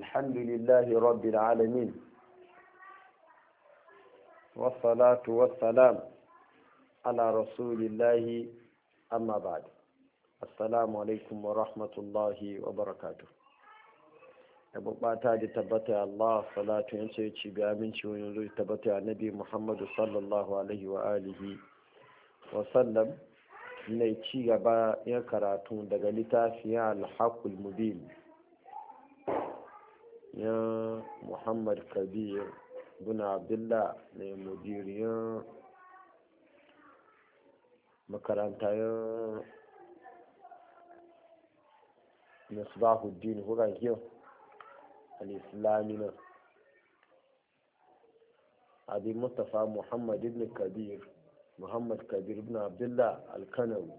الحمد لله رب العالمين والصلاة والسلام على رسول الله أما بعد السلام عليكم ورحمة الله وبركاته أبو باتاج على الله صلاة ينسي تشبه من شوينزو على النبي محمد صلى الله عليه وآله وسلم ne ci gaba ya karatun daga littafiya yan muhammad kabir bin abdullah ne mudiriyar makaranta ya misbahuddin huragiyar al'islami nan abin mustapha muhammad ibn kabir muhammad kabir ibn abdullah alkanawi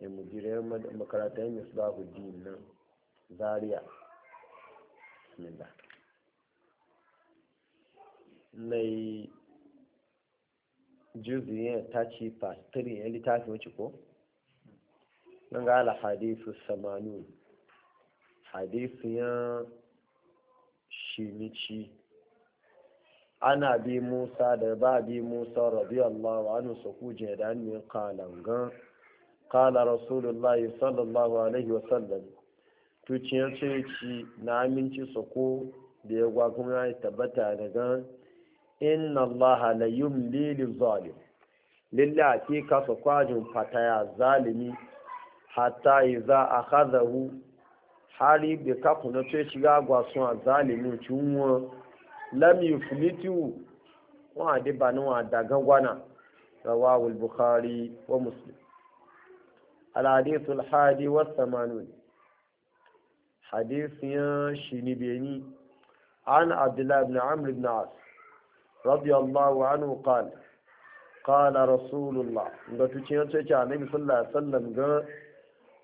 ya mudiriyar makarantar misbahuddin nan zaria bismillah mai juziyin ta ci pastirin ya littafi wuce ko? nan ga ala hadisu samanu hadisu ya shimici ana bi musa da ba bi musa radiyallahu anhu su kuje da hannun kalangan kala rasulullahi sallallahu alaihi wasallam tuciyar ci na aminci ko da ya gwa kuma ya tabbata gan inna allaha la yumli lil zalim lilla ka su kwajin fataya zalimi hatta iza akhadahu hari bi kaku na ce ga gwa sun a zalimin wa lam yuflitu wa de banu wa daga gwana rawahu bukhari wa muslim al-hadith al-hadi wa 80 hadisiyan shi ni beni an abdullahi ibn amr ibn as radiyallahu anhu qal qala rasulullah da tucin yace ce annabi sallallahu alaihi wasallam ga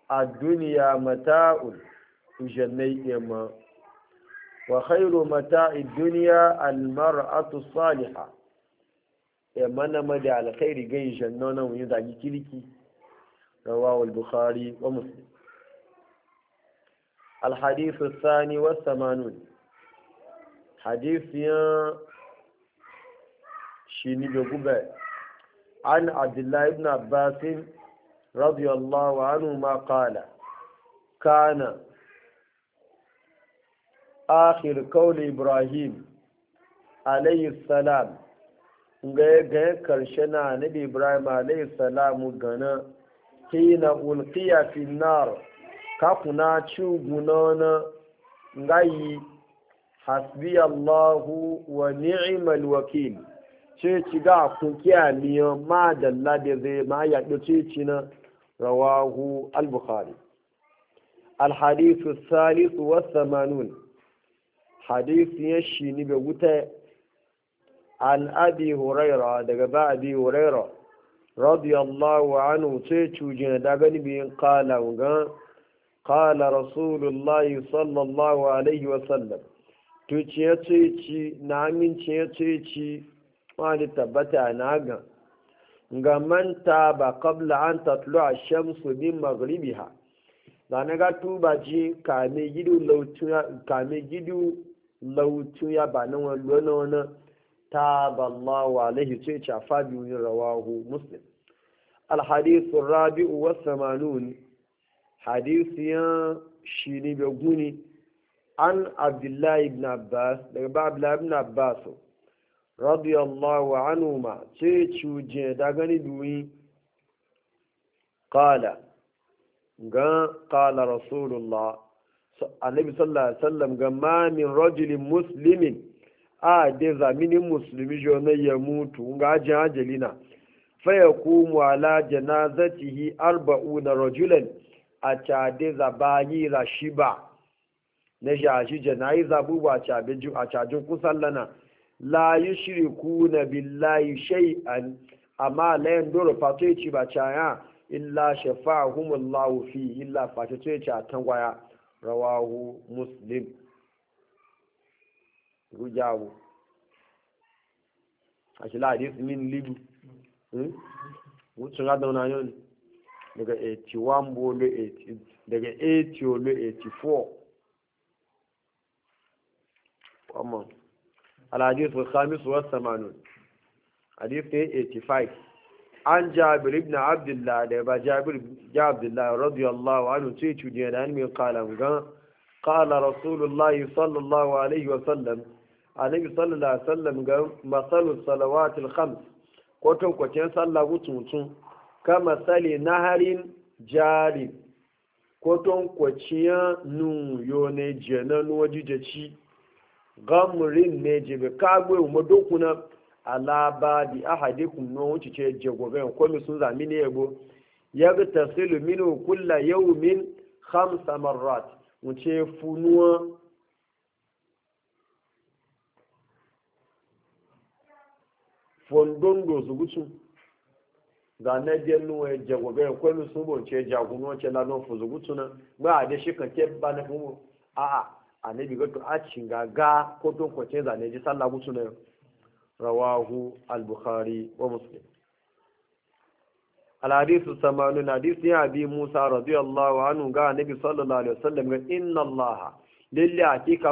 ad-dunya mata'un ujannai yamma wa khairu mata'i ad-dunya al-mar'atu salihah yamma na madi alkhairi ga jannanan yin zagi kirki rawahu al الحديث الثاني والثمانون حديث يا شيني بقبة عن عبد الله بن عباس رضي الله عنهما قال كان آخر قول إبراهيم عليه السلام gaya كرشنا نبي إبراهيم عليه السلام salamu حين ألقي في النار kafuna chi guna na ngayi hasbi allahu wa ni'mal wakeel che ga kun ki aliyo ma dalla de ze na rawahu al bukhari Salisu hadith al salis wa ya shi ni be wuta an daga ba abi hurayra radiyallahu anhu ce cujina da gani biyan kala قال رسول الله صلى الله عليه وسلم tuciye tuci na aminciye tuci wani tabbata na ga ga manta ba kabla an tatlu a shamsu min magribiha da na ga tuba ji kame gidu lautu ya ba na wani wani wani ta ba Allah wa alaihi tuci a fabi rawahu muslim الحديث الرابع والثمانون hadisiyan shi ne bai guni an abdullahi ibn abbas daga ba abdullahi ibn abbas radiyallahu anhu ma ce cuje da gani duyi qala ga qala rasulullah annabi sallallahu alaihi wasallam ga ma min rajulin muslimin a de zaminin musulmi jona ya mutu ga ajin ajalina fa yakumu ala janazatihi arba'una rajulan a cade za shi ba na jashi janayi bubu a cajin kusan lana la yi ku na billahi shay'an amma layan fato ba caya illa illa fato a tangwaya rawahu muslim rujawo a min libu hmm? na daga 81 bolo 80 daga 80 bolo 84 amma alhadis al-khamis wa samanun hadis ne 85 an jabir ibn abdullah da ba jabir ya abdullah radiyallahu anhu ce cudiya da hannun kalam gan kala rasulullahi sallallahu alaihi wasallam alaihi sallallahu alaihi wasallam gan masalus salawatul khams ko kwatankwacin sallah mutum kama sali naharin jari koton kwaciya nun yo ne jena nuwa jijaci gamurin ne jibe kagwe umar dokuna alaba di ahadikum no wuce ce ko kwami sun zami ne yabo ya ga tasiru minu kulla yau min hamsa marrat wuce funuwa fondon dozu ga na biyar nuwa e jago bayan kwallo sun bonce jagunan ce na fuzu gutsuna ba a da shi ka ke ba na kuma a a annabi ga gato a cinga ga ko don kwace zane ji sallah gutsuna rawahu al-bukhari wa muslim الحديث الثمانون حديث أبي موسى رضي الله عنه قال النبي صلى الله عليه وسلم إن الله للي أتيك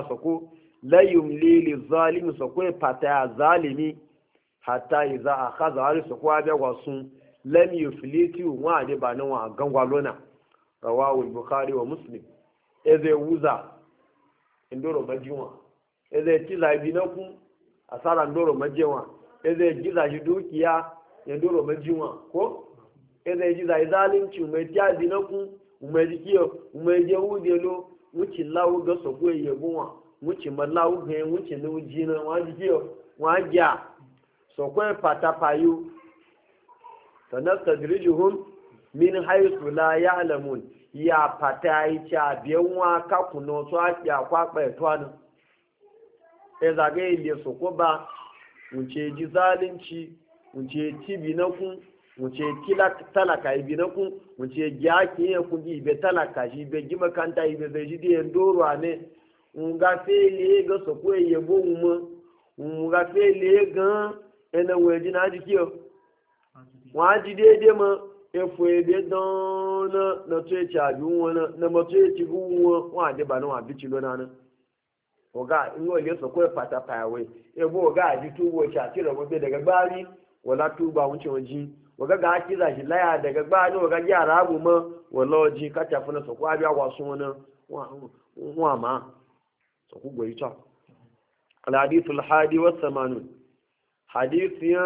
wasu. lam yufliti wa ne ba nan wa gangwalona rawahu bukhari wa muslim eze wuza indoro majiwa eze tila binaku asara ndoro majewa eze giza dukiya indoro majiwa ko eze giza zalunci mai tiya binaku mai dikiyo mai jehudi lo wuci lawo ga sokwe yegunwa wuci malawo ga wuci lujina wa dikiyo wa ja sokwe patapayu sanastadrijuhum min haisu la ya'lamun ya fata yi cha biyan wa ka kuno so a ya kwa pa etwanu e zage ile so ko ba unce ji zalunci unce ci binakun unce kila talaka yi binakun unce gyaki ya kuji ibe talaka shi ibe gima kanta ibe zai ji diyan doro ne nga fele ga so ko yebo mu nga fele gan ene weji na dikiyo wọ́n á di déédéé e ebe dán na tó etí àbí wọn na na mọ́ tó etí hu wọn wọ́n á dé bá náà wọ́n àbí tì lónà náà ọ̀gá ń wọlé sọ̀kọ́ ẹ̀ pàtàkì àwẹ̀ ebo ọ̀gá àdí tó wọ ọ̀kí àti ìrọ̀gbọ́n gbé dẹ̀gẹ́ gbárí wọ́n lá tó gba laya daga wọ́n jí wọ́gá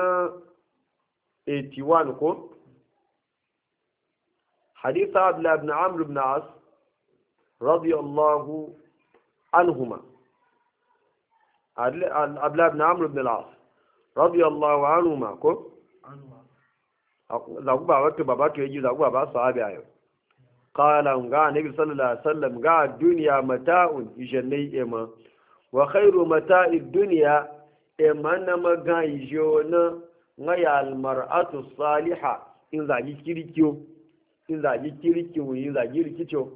اتوان قوم حديث عبد الله بن عمرو بن عاص رضي الله عنهما عبد الله بن عمرو بن العاص رضي الله عنهما قوم لو بابك بابك يجي لو بابا صحابي ايوه قال ان غا النبي صلى الله عليه وسلم غا الدنيا متاع يجني اما وخير متاع الدنيا اما نما غا يجونا ngaya almar'atu saliha in zagi kirkiyo in zagi kirkiyo zagi rikicho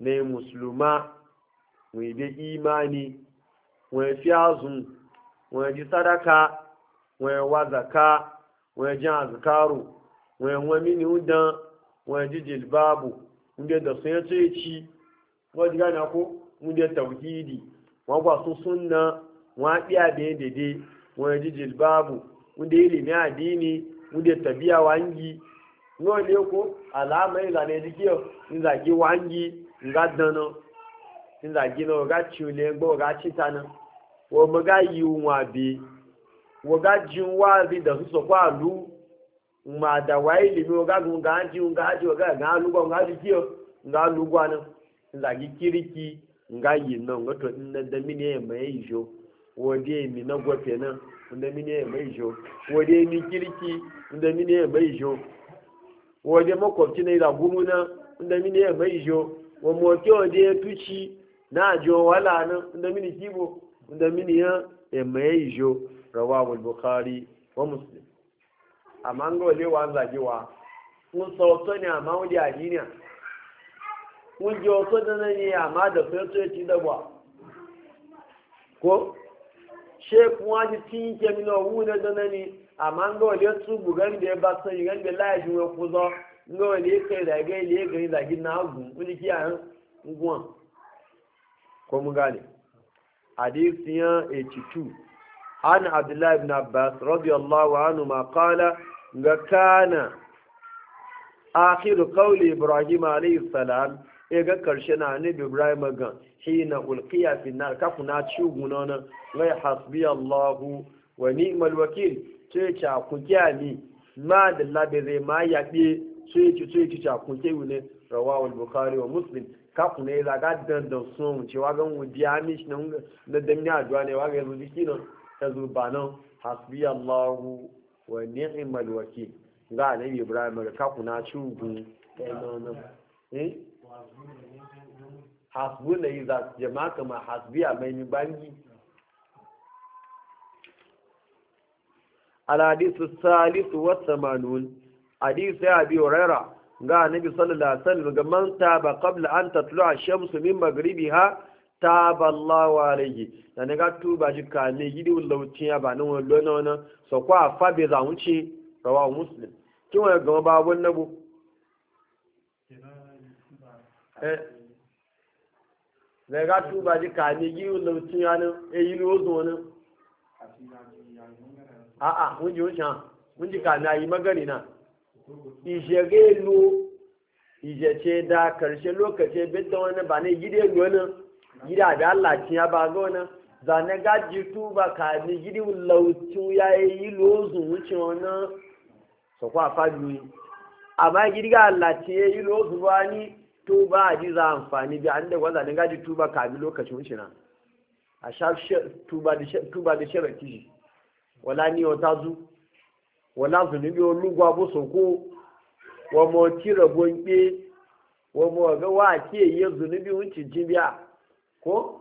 ne musulma wai bi imani wai fi azun wai ji sadaka wai wa zaka wai ji azkaru wai wa mini udan wai ji jilbabu inda da sun yace ci wani gane ko inda tauhidi wa kwa su sunna wa biya da dede wai ji jilbabu wanda ilimi addini wanda tabia wangi no le alama ila ne dikio nza gi wangi nga dano nza gi no ga chule gbo ga chitana wo mo ga yi unwa bi wo ga jin wa bi da so kwa lu ma da wa ilimi wo ga gun ga ji un ga ji wo ga ga lu go ga dikio nga lu gwa na nza gi kiriki nga yi no ngoto nne da mini e mai jo wo de mi na gwo pe wanda mine ya mai jo wade ni kirki wanda mine ya mai jo waje makwabci na ilagumu na wanda mine ya mai jo wa moke waje ya tuci na jo wala na wanda mini kibo wanda mini ya mai jo rawahul bukhari wa muslim amma an ga wale wa zage wa mun sauto ne amma wani adini mun je wato da nan ne amma da sai sai ci da ko sheku wani tinye kemi na owu na dana ni amma nga wale su bugan da ya ba san yi ganda na shi wani kuzo nga wale kai da ga ile gani da gina agun kuli kiya nguwan 82 an abdullahi ibn abbas radiyallahu anhu ma makala ga kana akhir qawli ibrahim alayhi ga karshe na annabi ibrahim ga hina ulqiya fi nar ka kuna ci gunona la hasbi allah wa ni'mal wakil ce ta ku kyani ma da labe zai ma bi ce ci ce ci ta ku kyani wune rawahu bukhari wa muslim ka kuna ya ga dandan sun ce wa ga mu biya mi shi nan da dan ya addu'a ne wa ga yanzu dikinan ta zurbanan hasbi allah wa ni'mal wakil ga ne ibrahim ka kuna ci gunona eh hasbu na yi za su jama kama hasbiya mai mi bangi alhadisu salisu wata manuwan hadisu ya biyu raira ga annabi sallallahu alaihi wasallam ga man taba qabla an tatlu ash-shamsu min maghribiha taba Allahu alayhi dan ga tuba ji ka ne gidi ulautin ya ba nan wallo nan so kwa fa be za muslim kin wa ga ba wannan Eh, zai ga tuba ji kame yi lauci eyi eh, ni ozo a a'a mun ji wuce mun ji kame a yi magani na ije gelu ije ce da karshe lokaci bidda wani ba ne wani gida da Allah ci ya ba ga wani zane gaji tuba ya yi lozo wuce wani sakwa fadi amma gidi ga Allah ci ya yi tuba a ji za amfani bi an da wanda ne gaji tuba kamin lokacin wuce na a sha tuba da shirin kishi wala ni wata zu wala zunubi wani lugwa bu ko wa mawaki rabon ke wa mawaga wa ke yi zunubi wuce jibiya ko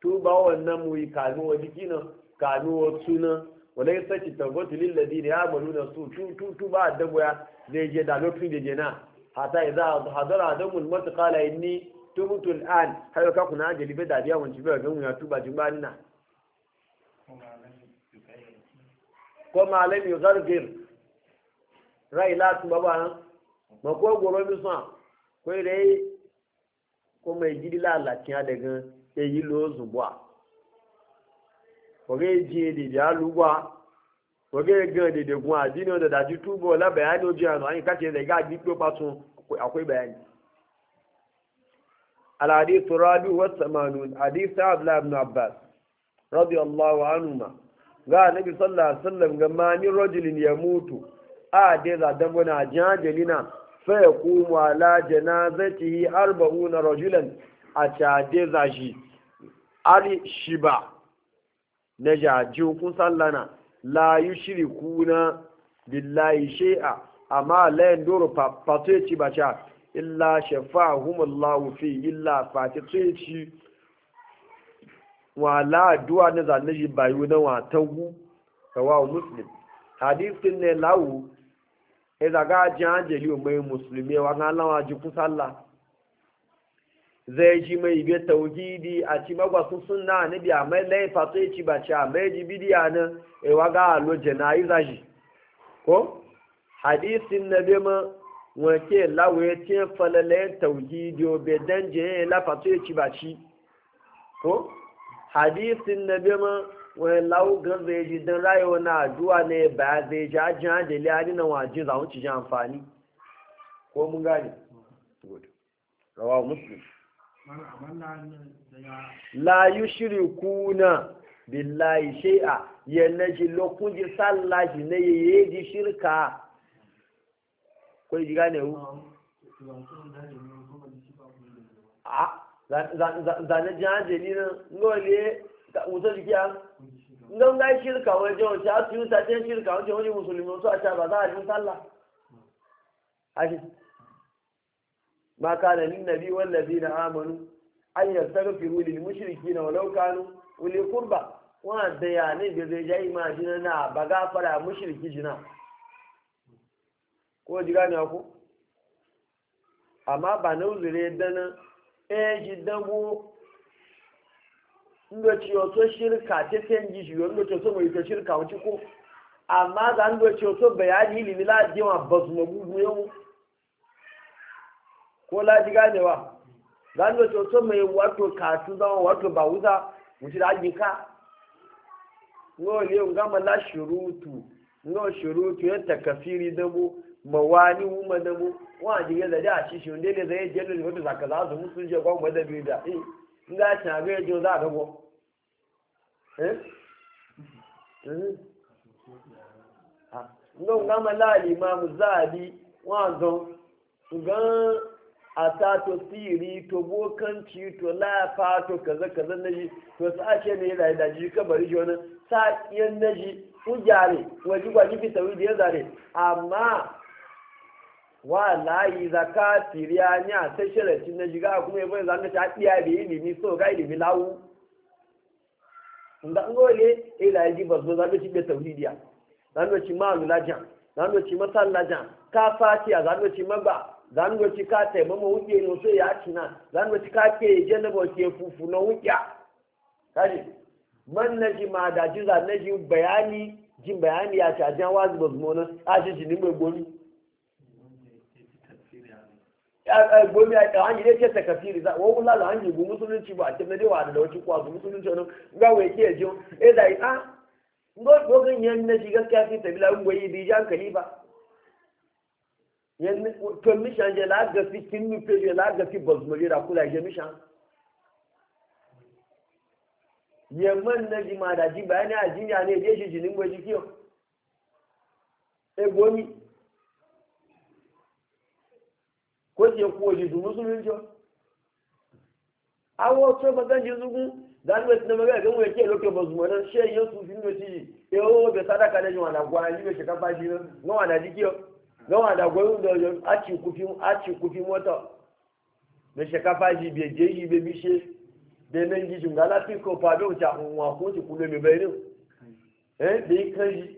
tuba wannan mu yi kamin wa jiki na kamin wa suna wala ya sace tabbatu lillazi da ya malu da su tuba a dagoya zai je da lokacin da jena na hatta idza hadara adamul maut qala inni tubtu al'an hayo ka kuna ajali be dadiya won ji be ga mun ya tuba jin bani na ko malam yuzargir rai la tu baba ma ko goro mi san ko re ko mai jidi la la tin ade gan èyí lo zun ko re ji de ya lu wage gan dede gun adini da daji tubo la bayani oji anu ayin kace da ga gi to patun akwai bayani al hadith rabi wa samanun hadith abla ibn abbas radiyallahu anhuma ga nabi sallallahu alaihi wasallam ga mani rajulin a de za dan bana jajalina fa ali shiba sallana la yushrikuna billahi shay'a amma la yanduru ba bacha illa shafa'ahumullahu fi illa fatati wa la du'a na zanaji bayu na wa tagu rawahu muslim hadithin ne lawu e daga jan jeli o mai muslimi wa ngalawa ji kusalla zai ji mai bi tauhidi a ci magwasu suna na biya mai laifa sai ci ba ci a mai ji bidiya nan ewa ga alo janaiza ji ko hadisin na bi ma wake lawe ti falale tauhidi o be danje lafa sai ci ba ci ko hadisin na bi ma wani lawo gan zai ji don rayuwa na aduwa ne ba zai ji ajiyar adali a ji za zaunci ji amfani ko mun gani? rawa muslim la kuna billahi shay'a yana ji lokun ji ji shirka na ngole ka muso ji ga shirka ta shirka musulmi wasu a ta ba za a sallah ما كان للنبي والذين آمنوا أن يستغفروا للمشركين ولو كانوا أولي قربى وأن يعني بزيجي ما جننا بغافر مشرك جنا ko ji gane ku amma ba na uzure dana e ji dango ndo ci o so shirka te ten ji ji ndo ci so mo ito shirka ci ko amma za ndo ci o so bayani limi la basu magugu yau ko laji ganewa gano coto mai wato katu zama wato ba wuta wuce da ajinka no le gama la shuruutu no ya takafiri dabo mawani wuma dabu wa jiga da a shi shi zai je ne wato zaka za su musu je kwa mu da bi da eh nga ta ga za a go eh eh ha wa a sa to siri to bokanci to lafa to kaza kaza na ji to ake ne da da ji ka bari wani 'yan na ji ujare waji gwaji fi tawi da zare amma wa layi zaka siriya? Nya ta shirarci na ga kuma yabo zanga ta iya da ni so ga ilimi lawu nda ngole ila ji bazo zanga ci be tawhidiya zanga ci ma lulajan zanga ci masallajan ka fati a zanga ci ba zan go ci ka te mama wuke no so ya ci na zan go ci ka ke je na bo ke fufu no wuke kaji man na ji ma da ji zan na ji bayani ji bayani ya ci jan wa ba zuma na a ji ji ni mai gomi gomi a ɗan hanyar ce ta kafiri za wani lala hanyar gu musulunci ba a ce na dai wa da wacin kwazo musulunci wani ga wai ke jiyo e da a ngo dogon ni na shi gaskiya sai tabila ngwayi bi jan kaliba to mishan je la gafi kinu pe je la gafi bozmori ra kula je mishan ye man na ji ma da ji bayani a ji ya ne je shi jinin gwe ji kiyo e gomi ko je ko ji du musulun jo awo to magan ji zugun dan wet na maga ga mu yake lokacin bozmori she yesu fin do ti e o be sadaka da ji wala gwa ji be shi ka faji no wala ji kiyo gawa da gwai da wajen aci kufi mota da shakafa ji bai je yi bai bishe bai nan gijin ga lafi ko fado wuce a unwa ko ti kulo ni eh,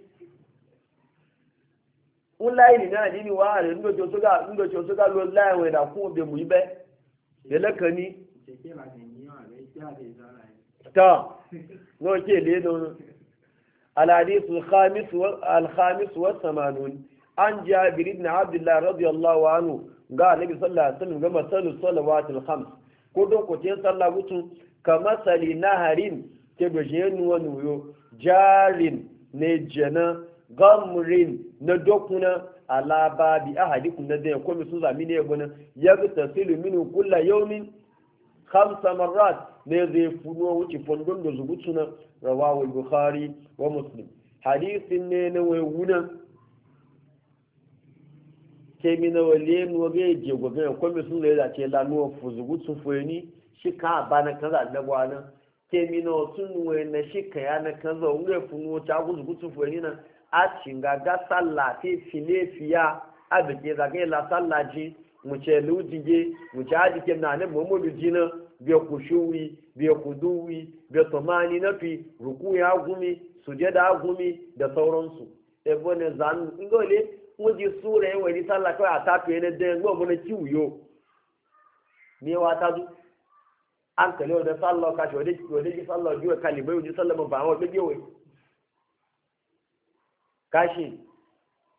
na adini wa are ndo jo soga ndo jo soga lo layi we da ku be don al hadith al al khamis wa 80 an jabir ibn Abdullahi radiyallahu anhu ga annabi sallallahu alaihi wasallam ga masalu salawatul khams ko don ko tin sallah mutu ka masali naharin ke goje nuwa nuyo jarin ne jana gamrin na dokuna ala babi ahadikum na da ko mi sun zami ne gona ya ga tasilu min kullu yawmin khamsa marrat ne zai funo wuce fondon da zubutuna rawahu bukhari wa muslim hadisin ne na wayuna sai mina wale nu wage je gobe ko mi sun le da ce la nu fuzugu tun ni shi ka ba na kaza da bwana kemi na tun we na shi ka ya na kaza unge funu ta sun tun ni na a cin ga salla fi file fiya abike za ga la salla ji mu ce ge mu ce aji ke na ne mu mu na bi ku shuwi bi ku duwi bi tamani na fi ruku ya gumi sujada gumi da sauransu ebone zan ingole, wọ́n sura yẹn wọ̀nyí sálà kọ́ àtàkù yẹn dẹ́ ẹgbẹ́ ọmọ tí wù yó ní wa tájú àǹtẹ̀lẹ́ ọ̀dẹ sálọ kàṣẹ ọ̀dẹ jí sálọ ojú ẹ̀ka lè mọ ojú sálọ mọ bà àwọn ọ̀gbẹ́gbẹ́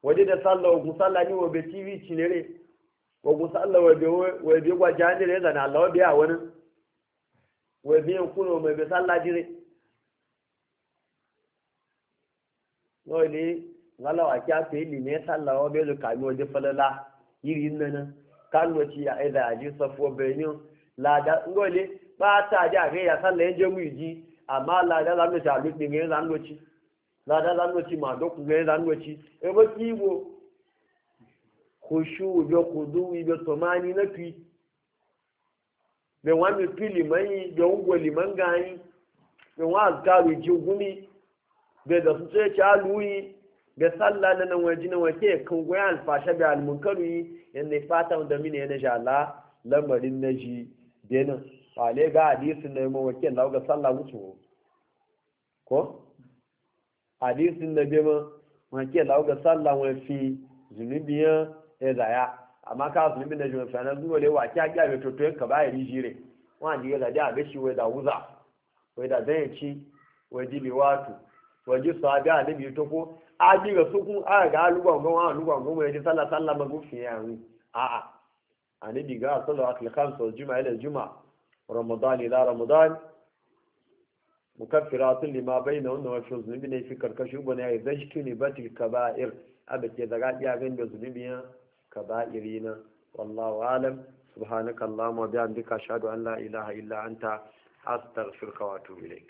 wẹ̀ dẹ ogun sálà ní wọ́n tv tìlérè ogun sálọ wẹ̀bí wájà á nílẹ̀ ẹ̀dà àlọ́ ọ̀dẹ àwọn náà ngalawa kya ta yi lime sallawa bai da kami wajen falala yiri kan ya ngole ba ta ji a gaya sallah je mu ji ma doku e khushu na be mi pili mai be ji gumi be da su ce ga sallah na nan waje na wake kan goya alfasha da almunkaru yi ya fata da mini yana jala lamarin na ji benin fale ga hadisi na yamma wake na ga sallah mutu ko hadisi na bema wake na ga sallah wafi zunubiyan ya zaya amma ka zunubi na jimafi na zuwa da yawa kya gyara mai toto yanka ba ya yi jire wani ya zaje a gashi wai da wuza wai da zai ci wai jibi watu. wai ji sahabi a nabi ta ko aji ga sukun a ga alugon gan wa sallah a a anabi ga salatu al-khamsa juma'a ila mukaffiratun lima bayna wanda wa fi zunubi ne fi karkashin gona ya zai shi ne batil kaba'ir abu ke iya gan da zunubiyan kaba'iri na wallahu alam subhanakallahumma bihamdika ashhadu an la ilaha illa anta astaghfiruka wa atubu ilayk